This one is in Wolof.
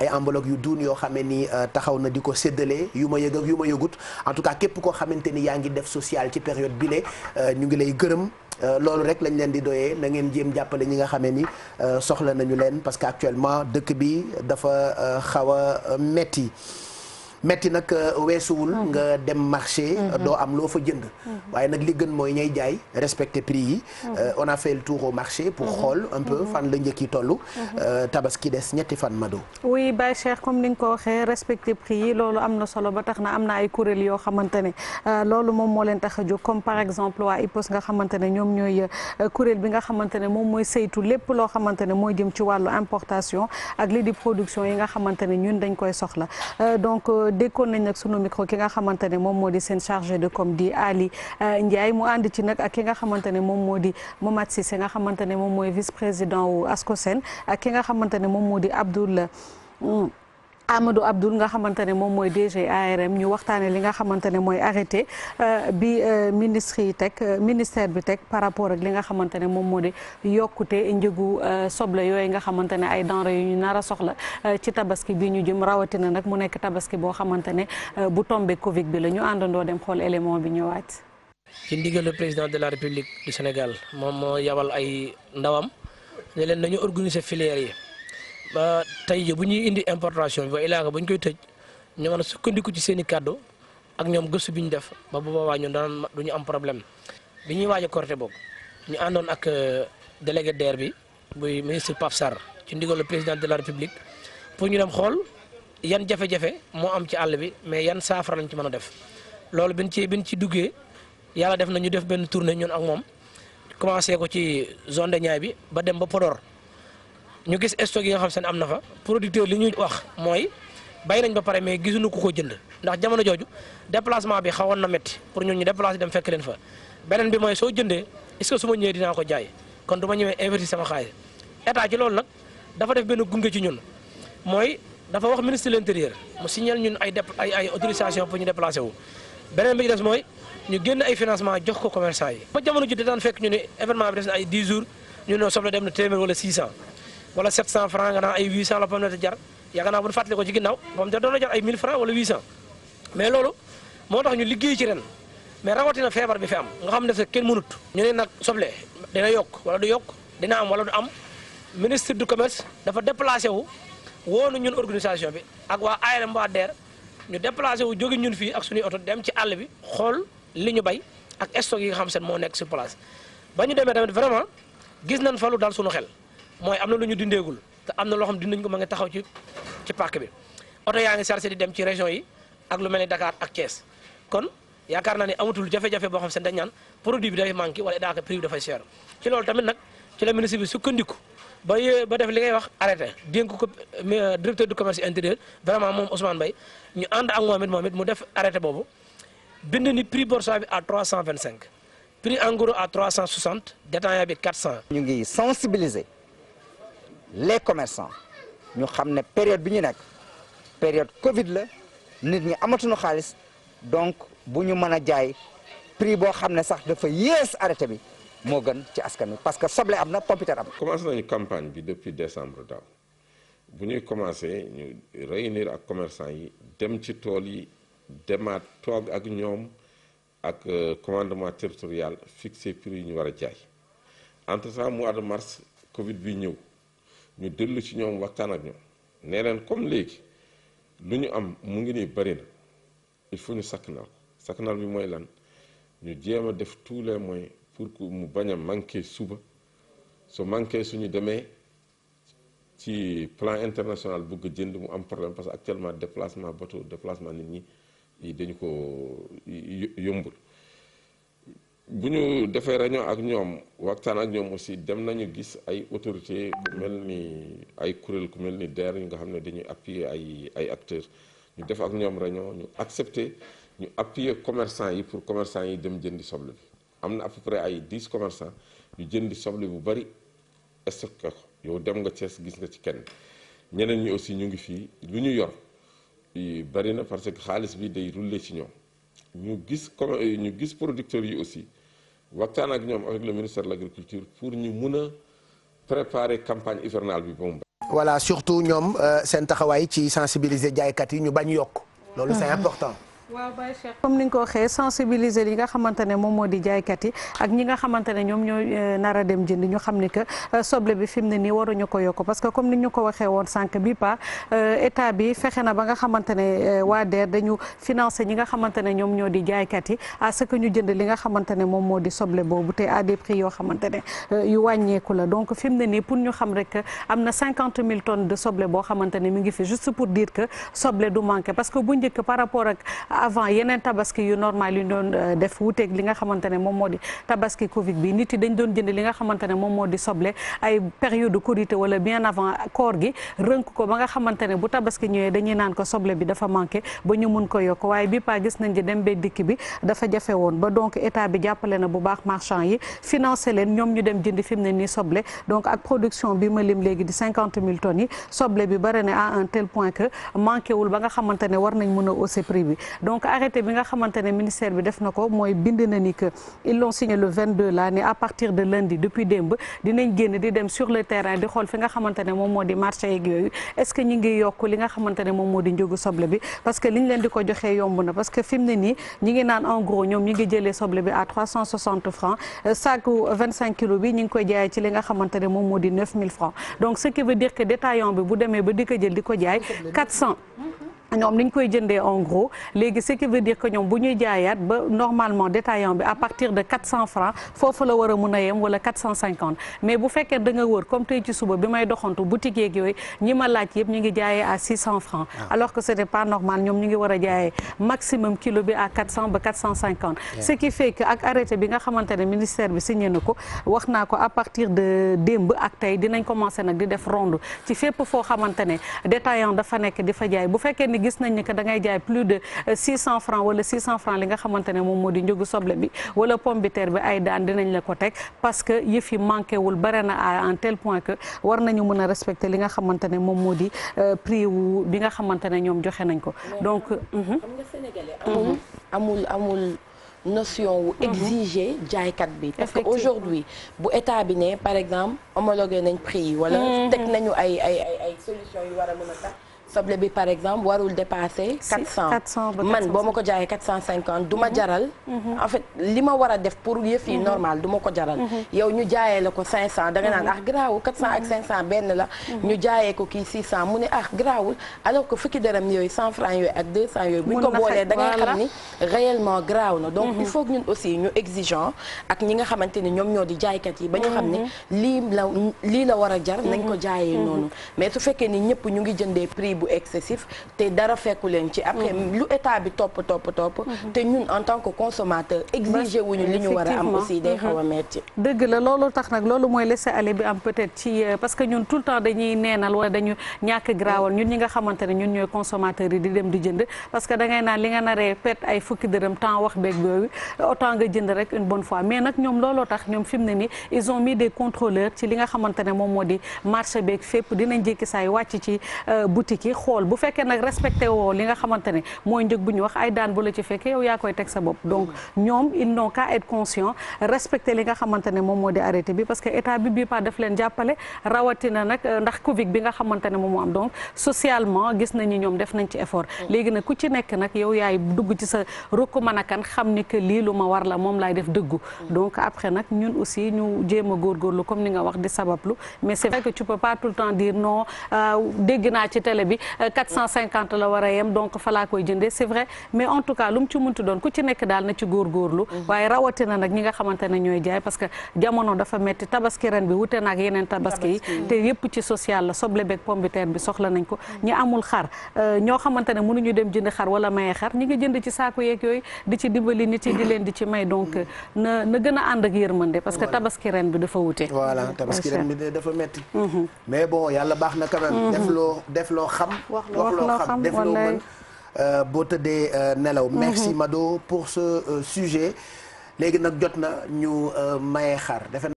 ay enveloppe yu duun yoo xamee ni euh, taxaw na di ko séddale yu ma yëg ak yu ma yëgut en tout cas képp koo xamante ni yaa ngi def social ci période bi le euh, ñu ngi lay gërëm euh, loolu rek lañ leen di doyee na ngeen jéem jàppale ñi nga xamee ni soxla nañu leen parce que actuellement dëkk bi dafa xaw a metti metti nag euh, weesuwul mm-hmm. nga dem marché euh, mm-hmm. doo am loo fa jënd mm-hmm. waaye nag li gën mooy ñay jaay respecter prix yi euh, on a fait le marché pour xool un peu fan la njëkk yi toll tabaski des ñetti fan mado oui Baye Cheikh comme ni nga ko waxee respecter prix yi loolu am na solo ba tax na am na ay kuréel yoo xamante ne loolu moom moo leen tax a jóg comme exemple waa IPOS nga xamante ne ñoom ñooy kuréel bi nga xamante ne moom mooy saytu lépp loo xamante ne mooy jëm ci wàllu importation ak li di production yi nga xamante ne ñun dañ koy soxla donc dékkoon nañ nag sunu micro ki nga xamante ne moom moo di seen de com di Ali euh, Ndiaye mu ànd ci nag ak ki nga xamante ne moom moo di Momat Cissé nga xamante ne moom mooy vice président wu ASCOSEN ak ki nga xamante ne moom moo di Abdoul. Euh, Amadou Abdoul nga xamante ne moom mooy DG ARM ñu waxtaanee li nga xamante ne mooy arrêté euh, bi euh, ministre yi teg euh, ministère bi teg par rapport ak li nga xamante ne moom moo de yokkute njëgu soble yooyu nga xamante ne ay denrées yu ñu nar a soxla ci tabaski bi ñu jëm rawatina nag mu nekk tabaski boo xamante ne bu tombé Covid bi la ñu àndandoo dem xool élément bi ñëwaat. ci ndigal le président de la république du Sénégal moom moo yabal ay ndawam ne leen nañu organiser yi. ba tey bu ñuy indi importation bi ba ilaaka ba ñu koy tëj ñu mën a sukkandiku ci seen i kàddu ak ñoom gëstu bi ñu def ba bu boobaa ñun daan du ñu am problème bi ñuy waaj a boobu ñu àndoon ak euh, délégué DER bi buy ministre Pape Sarr ci ndigal le président de la république pour ñu dem xool yan jafe-jafe moo am ci àll bi mais yan saafara lañ ci mën a def loolu bin ci bin ci duggee yàlla def nañu def benn tournée ñun ak moom commencé ko ci zone de Niayes bi ba dem ba Podor ñu gis stock yi nga xam seen am na fa producteur li ñuy wax mooy bay nañ ba pare mais gisuñu ku ko jënd ndax jamono jooju déplacement bi xawoon na métti pour ñun ñu déplacer dem fekk leen fa beneen bi mooy soo jëndee est su ma ñëwee dinaa ko jaay kon du ma ñëwee investir sama xaalis état ci loolu nag def benn gunge ci ñun mooy dafa wax ministre de l'intérieur mu signal ñun ay ay ay autorisation pour ñu déplacer wu. beneen bi ci des mooy ñu génn ay financement jox ko commerçant yi. ba jamono ji daan fekk ñu ne événement bi des ay 10 jours ñu ne soble dem na téeméer wala 600. wala 700 francs nga naan ay 800 la pomme de terre jar yaakaar naa bu ñu fàttali ko ci ginnaaw pomme de terre doon jar ay 1000 francs mais loolu moo tax ñu liggéey ci ren mais rawatina feebar bi fi am nga xam ne sax kenn mënut ñu ne nag soble dina yokk wala du yokk dina am wala du am ministre du commerce dafa déplacé wu woonu ñun organisation bi ak waa ARM waa DER ñu déplacé wu jóge ñun fii ak suñuy oto dem ci àll bi xool li ñu bay ak stock yi nga xam seen moo nekk sur place ba ñu demee tamit vraiment gis nañ fa lu dal xel mooy am na lu ñu dindeegul te am na loo xam dinañ ko ma nga taxaw ci ci parc bi oto yaa ngi chargé di dem ci région yi ak lu mel ni Dakar ak Thiès kon yaakaar naa ne amatul jafe-jafe boo xam seen dañ naan produit bi day manqué wala daaka prix bi dafay cher ci loolu tamit nag ci la ministre bi sukkandiku ba ba def li ngay wax arrêté dénk ko euh, directeur de commerce intérieur vraiment moom Ousmane Mbaye ñu ànd ak moom it moom it mu def arrêté boobu bind ni prix boursier bi à 325 prix en gros à 360 détaillant bi 400. ñu ngi sensibiliser. les commerçants ñu xam ne période bi ñu nekk période Covid la nit ñi amatuñu xaalis donc bu ñu mën a jaay prix boo xam ne sax dafa yées arrêté bi moo gën ci askan wi parce que soble am na pompiteer am. commencé nañu campagne bi depuis décembre daaw bu ñuy commencé ñu réunir ak commerçant yi dem ci tool yi demaat toog ak ñoom ak euh, commandement territorial fixé prix yi ñu war a jaay entre temps mois de mars Covid bi ñëw. ñu dellu ci ñoom waxtaan ak ñoom nee leen comme léegi lu ñu am mu ngi nii bëri na il faut ñu sakkanal ko sakkanal bi mooy lan ñu jéem a def tous les moyens pour ku mu bañ a manqué suba su manqué suñu demee ci plan international bëgg jënd mu am problème parce que actuellement déplacement bateau déplacement nit ñi dañu ko yombul bu ñu defee réunion ak ñoom waxtaan ak ñoom aussi dem nañu gis ay autorité ku mel ni ay kuréel ku mel ni DER yi nga xam ne dañuy appuyer ay ay acteurs ñu def ak ñoom réunion ñu accepté ñu appuyer commerçant yi pour commerçant yi dem jëndi soble bi am na à peu près ay 10 commerçant yu jëndi soble bu bari stocké ko yow dem nga Thiès gis nga ci kenn ñeneen ñi aussi ñu ngi fii lu ñu yor bari na parce que xaalis bi day rouler ci ñoom ñu gis comme ñu gis producteurs yi aussi waxtaan ak ñoom avec le ministère de l' pour ñu mun a préparer campagne hivernale bi ba mu voilà surtout ñoom euh, seen taxawaay ci sensibiliser jaaykat yi ñu bañ yokk. loolu c'est mmh. important. waaw Baye Cheikh comme ni nga ko waxee sensibiliser yi nga xamante ne moom moo di jaaykat yi ak ñi nga xamante ne ñoom ñoo euh, nara dem jënd ñu xam ni que euh, soble bi fi mu ne nii waruñu ko yokk parce que comme ni ñu ko waxee woon sànq bi pa euh, état bi fexe na ba nga xamante ne waa DER dañu financer ñi nga xamante ne ñoom ñoo di jaaykat yi à ce que ñu jënd li nga xamante ne moom moo di soble boobu te à des prix yoo xamante ne yu wàññeeku la donc fi mu ne nii pour ñu xam rek am na cinquante mille tonnes de soble boo xamante ne mi ngi fi juste pour dire que du manqué parce que bu njëkk par rapport ak avant yeneen tabaski yu normal yu doon euh, def wuuteeg li nga xamante ne moom moo di tabaski Covid bi nit yi dañ doon jënd li nga xamante ne moom moo di soble ay période Korité wala bien avant koor gi rënk ko ba nga xamante ne bu tabaski ñëwee dañuy naan ko soble bi dafa manqué ba ñu mun ko yokk waaye bi pa gis nañ ci dem be dikk bi dafa jafe woon ba donc état bi jàppale na bu baax marchand yi financé leen ñoom ñu dem jëndi fi mu ne ni soble donc ak production bi ma lim léegi di cinquante mille tonnes yi soble bi bare na à un point que manqué wul ba nga xamante ne war nañ mun a hausser prix bi donc arrété bi nga xamante ne ministère bi def na ko mooy bind na ni que ils l'ont signé le 22 là ni à partir de lundi depuis démb dinañ génn di dem sur le terrain di xool fi nga xamante ne moom moo di marché yeeg yooyu est-ce que ñu ngi yokk li moo di njëgu soble bi parce que liñ leen di ko joxee yomb na parce que fi mu ne nii ñi ngi naan en gros ñoom ñi ngi jëlee soble bi à 360 francs euh, saaku 25 kilos bi ñi ngi koy jaayee ci li nga xamante ne moom moo di 9000 francs donc ce qui veut dire que détaillant bi di ko jël di ñoom niñ koy jëndee en gros léegi ce qui veut dire que ñoom bu ñuy jaayaat ba normalement détaillant bi à partir de 400 foofu la war a mun a yem wala 450 mais bu fekkee da nga wër comme tey ci suba bi may doxantu boutique yeeg yooyu ñi ma laaj yëpp ñu ngi jaayee à 600 ah. alors que c'était pas normal ñoom ñu ngi war a jaayee maximum kilo bi à ba ce qui fait que ak arrêté bi nga xamante ministère bi signé na ko wax naa ko à partir de démb ak tey dinañ ci fépp foo xamante ne détaillant dafa gis nañ ni que da ngay jaay plus de 600 euh, francs wala 600 francs li nga xamante ne moom moo di njëgu soble bi wala pomme de terre bi ay daan dinañ la ko teg parce que yëf yi manqué wul bare na à en tel point que war nañu mën a respecter li nga xamante ne moom moo di euh, prix wu bi nga xamante ne ñoom joxe nañ ko donc euh, xam mhm. mhm. amul amul amul notion wu mhm. exiger jaaykat bi parce que aujourd'hui bu état bi ne par exemple homologué nañ prix yi wala teg nañu ay ay ay ay solution yu war a mën soble bi par exemple warul dépasser. 400 400 man boo ma ko jaayee 450 ma mhm. jaral. Mhm. en fait li ma war a def pour yëf yi mhm. normal du ko jaral. yow ñu jaayee la ko 500 da nga naan ah garaawul 400 ak 500 benn la. ñu jaayee ko kii 600 mu ne ah garaawul alors que fukki dërëm yooyu 100 francs yooyu ak 200 yooyu. buñ ko boolee da xam ni réellement garaaw na. donc il faut que ñun aussi ñu exigeant ak ñi nga xamante ni ñoom ñoo di jaaykat yi. ba ñu xam ne lii la la war a jar. nañ ko jaayee noonu mais su bu excessif te dara fekku leen ci après mhm. lu état bi topp topp topp mhm. te ñun en tant que consommateur exiger wuñu li ñu war am mhm. dëgg la loolu tax nag loolu mooy laisser aller bi am peut ci euh, parce que ñun tout temps dañuy neenal wala dañu ñàkk graawal ñun ñi nga xamante ñun ñooy consommateurs yi di dem di jënd parce que da ngay naan li nga naree perte ay fukki dërëm temps wax beeg yooyu autant nga jënd rek une bonne fois mais nag ñoom looloo tax ñoom fi ni ils ci xool bu fekkee nag respecté woo li nga xamante ne mooy njëg bu ñu wax ay daan bu la ci fekkee yow yaa koy teg sa bopp donc ñoom ils n'ont qu'à être moom moo di arrêté bi parce que état bi bii pas daf leen jàppale rawatina nag euh, ndax Covid bi nga ci effort léegi nag ku ci dugg ci sa rukk mën a kan xam ni que lii lu ma war la moom laay def dëggu donc après nag ñun aussi ñu jéem a góorgóorlu comme ni nga wax di sabablu mais c'est vrai que tu pas tout temps dire non euh, dégg naa ci télé bi 450 la war a yem donc fa laa koy jëndee c'est vrai mais en tout cas lu mu ci muntu doon ku ci nekk daal na ci góorgóorlu mhm. waaye rawatina nag ñi nga xamante ñooy jaay parce que jamono dafa metti tabaski bi wute naak yeneen tabaski yi te yëpp ci social la soble beeg pomme de terre bi soxla nañ ko mhm. ñi amul xar euh, ñoo xamante ne mënuñu dem jënd xar wala maye xar ñi nga jënd ci saako yeeg yooyu di ci dimbali nit yi di leen di ci may donc mhm. na na gën a ànd ak yërmande parce que tabaski ren bi dafa ren bi dafa metti mais bon yàlla baax na wax loo xam def loo euh, boo tëddee euh, nelaw mhm. merci Mado pour ce euh, sujet léegi nag jot na ñu maye xar